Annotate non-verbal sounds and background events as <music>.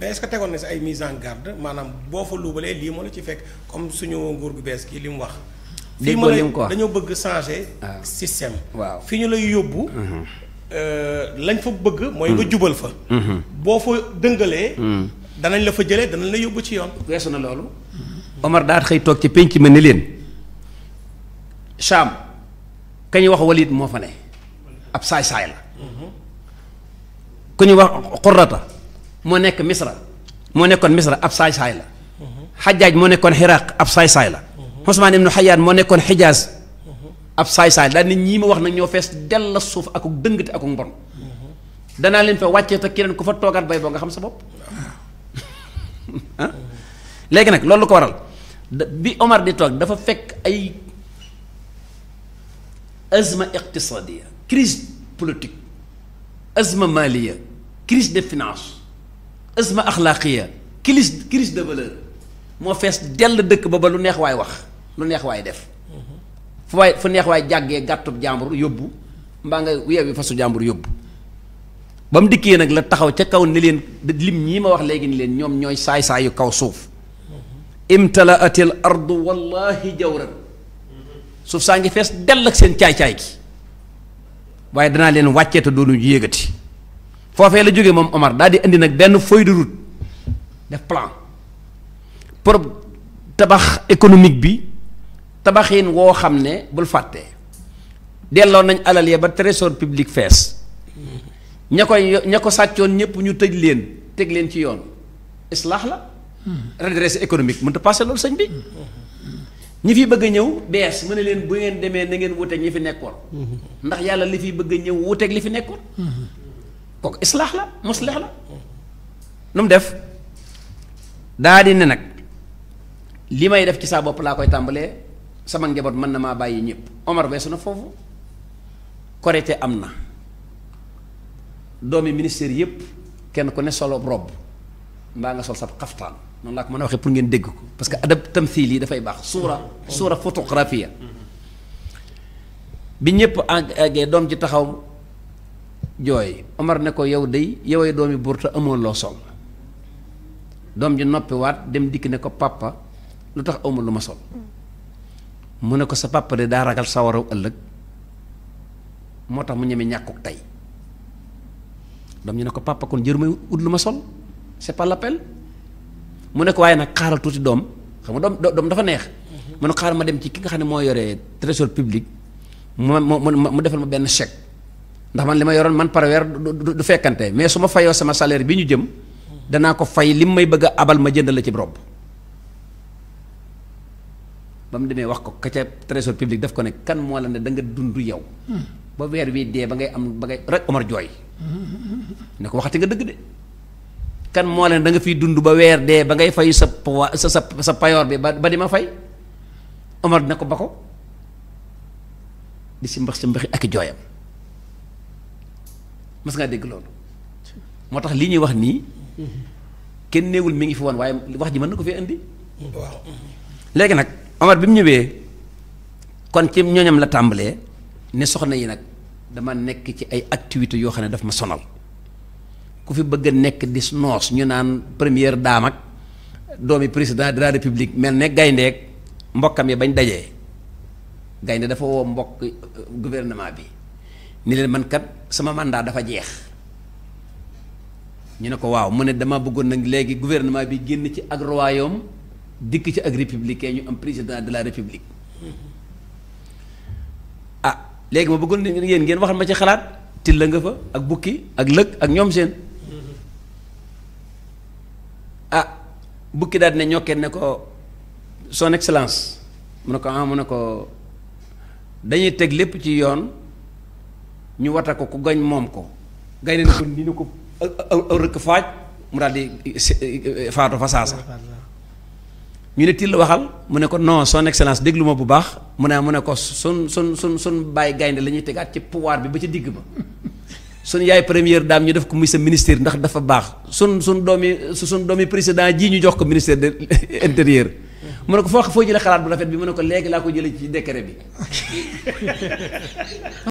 mais est-ce que tegoon na si ay mise en garde maanaam boo fa luubalee lii moo la ci fekk comme suñu nguur gu bees kii li mu wax. lii ma lay dañoo bëgg changer. Ah. système. waaw fi ñu lay yóbbu. Mhm. Euh, lañ fa bëgg. mooy nga mhm. jubal fa. Mhm. boo fa dëngalee. danañ la fa jëlee danañ la yóbbu ci yoon. weesu na loolu. Omar daat xëy toog ci penc ma ni leen. Cham kañ wax Walid moo fa ne. ab saay saay la. ku ñu wax xurrata moo nekk misra moo nekkoon misra ab saay-saay la xajaaj moo nekkoon xiraq ab saay-saay la Usmaan ibnu Xayaan moo nekkoon xijaaz ab saay-saay daal nit ñii ma wax nag ñoo fees dell la suuf akuk dëngte akuk mbon danaa leen fa wàccee te keneen ku fa toogaat bay boo nga xam sa bopp ah. léegi nag loolu lu ko waral bi Omar di toog dafa fekk ay azma iqtisadiya crise politique azma maliya crise de finance isma axlaaqiya crise crise de valeur moo fees dell dëkk ba ba lu neex waay wax lu neex waay def fu waay fu neex waay jàggee gàttu jàmbur yóbbu mbaa nga weewi fasu jàmbur yóbbu ba mu dikkee nag la taxaw ca kaw ne leen lim ñii ma wax léegi ni leen ñoom ñooy saay saay yu kaw suuf imtalaat al ardu wallahi jawran suuf saa ngi fees dell ak seen caay-caay gi waaye danaa leen wàcceete te doonu yéegati foofee la jóge moom Omar daal di indi nag benn feuille de route def plan pour tabax économique bi tabaxin woo xam ne bul fàtte delloo nañ alal ya ba trésor public fees ña koy ña ko sàccoon ñëpp ñu tëj leen teg leen ci yoon islaax la redressé économique mënut a passé loolu sëñ bi ñi fi bëgg a ñëw bees mu ne leen bu ngeen demee na ngeen wuteeg ñi fi nekkoon ndax yàlla li fi bëgg a ñëw wuteeg li fi nekkoon kooku islaax la muslix la lu mu def daa ne nag li may def ci saa bopp laa koy tàmbalee sama njaboot mën na maa bàyyi ñëpp Omar weesu na foofu korite am na doomi ministère yëpp kenn ku ne solo robb mbaa nga sol sa xaftaan noonu laa ko mën a waxee pour ngeen dégg ko parce que adab tamthil yi dafay baax suura suura photographia bi ñëpp àggee doom ji taxaw jooy Omar ne ko yow day yowee doomi buur te amoon loo sol doom ji noppiwaat dem dikk ne ko papa lu tax amul lu ma sol mu ne ko sa papa de daa ragal sawaraw ëllëg moo tax mu ñeme ñàkkuk tey doom ji ne ko papa kon jër may ut lu ma sol c'est mu ne ko waaye nag xaaral tuuti doom xam nga doom doom dafa neex mhm. mu ne xaaral ma dem ci ki nga xam ne moo yore trésor public mu mu mu defal ma benn chèque ndax man li ma yoroon man par weer du fekkante mais su ma fayoo sama salaire bi ñu jëm danaa ko fay lim may bëgg abal ma jënd la ci robb ba mu demee wax ko ka ca trésor daf ko ne kan moo la ne da nga dund yow ba weer wi dee ba ngay am ba ngay rek Omar jooy ne ko waxati nga dëgg de kan moo la ne da nga fiy dund ba weer dee ba ngay fay sa sa sa sa payoor bi ba ba di ma fay Omar dina ko ba ko di si mbax si mbaxi ak jooyam mas ngaa dégg loolu moo tax lii ñuy wax nii kenn néewul mi ngi fi woon waaye wax ji mën na ko fee indi léegi nag Omar bi mu ñëwee kon ci ñooñam la tàmbalee ne soxna yi nag dama nekk ci ay activités yoo xam ne daf ma sonal ku fi bëgg a nekk di noos ñu naan première dame ak doomi président de la république mel ne gayndeek mbokkam yi bañ dajee gaynde dafa woo mbokk euh, gouvernement bi ni leen mankat kat sama mandat dafa jeex ñu ne ko waaw mu ne dama bëggoon nag léegi gouvernement bi génn ci ak royaume dikk ci ak républicain ñu am président de la république ah léegi ma bëggoon ne yéen ngeen waxal ma ci xalaat til nga fa ak bukki ak lëg ak ñoom seen ah bukki daal ne ñokkee ne ko son excellence mu ne ko ah mu ne ko dañuy teg lépp ci yoon ñu wata ko ku gañ moom ko gaynde na ko ni na ko aw rëkk faaj mu daal di eh, faatu fa saasa ñu ne till waxal mu ne ko non son excellence déglu ma bu baax mu ne mu ne ko sun sun sun sun bàyyi gaynde la ñuy tegaat ci pouvoir bi ba ci digg ba sun yaay première daam ñu def ko muy sa ministère ndax dafa baax sun sun doomi sun doomi président jii ñu jox ko ministère de <laughs> intérieur mu ne ko foo foo jëlee xalaat bu rafet bi mu ne ko léegi laa ko jëlee ci décret bi <laughs>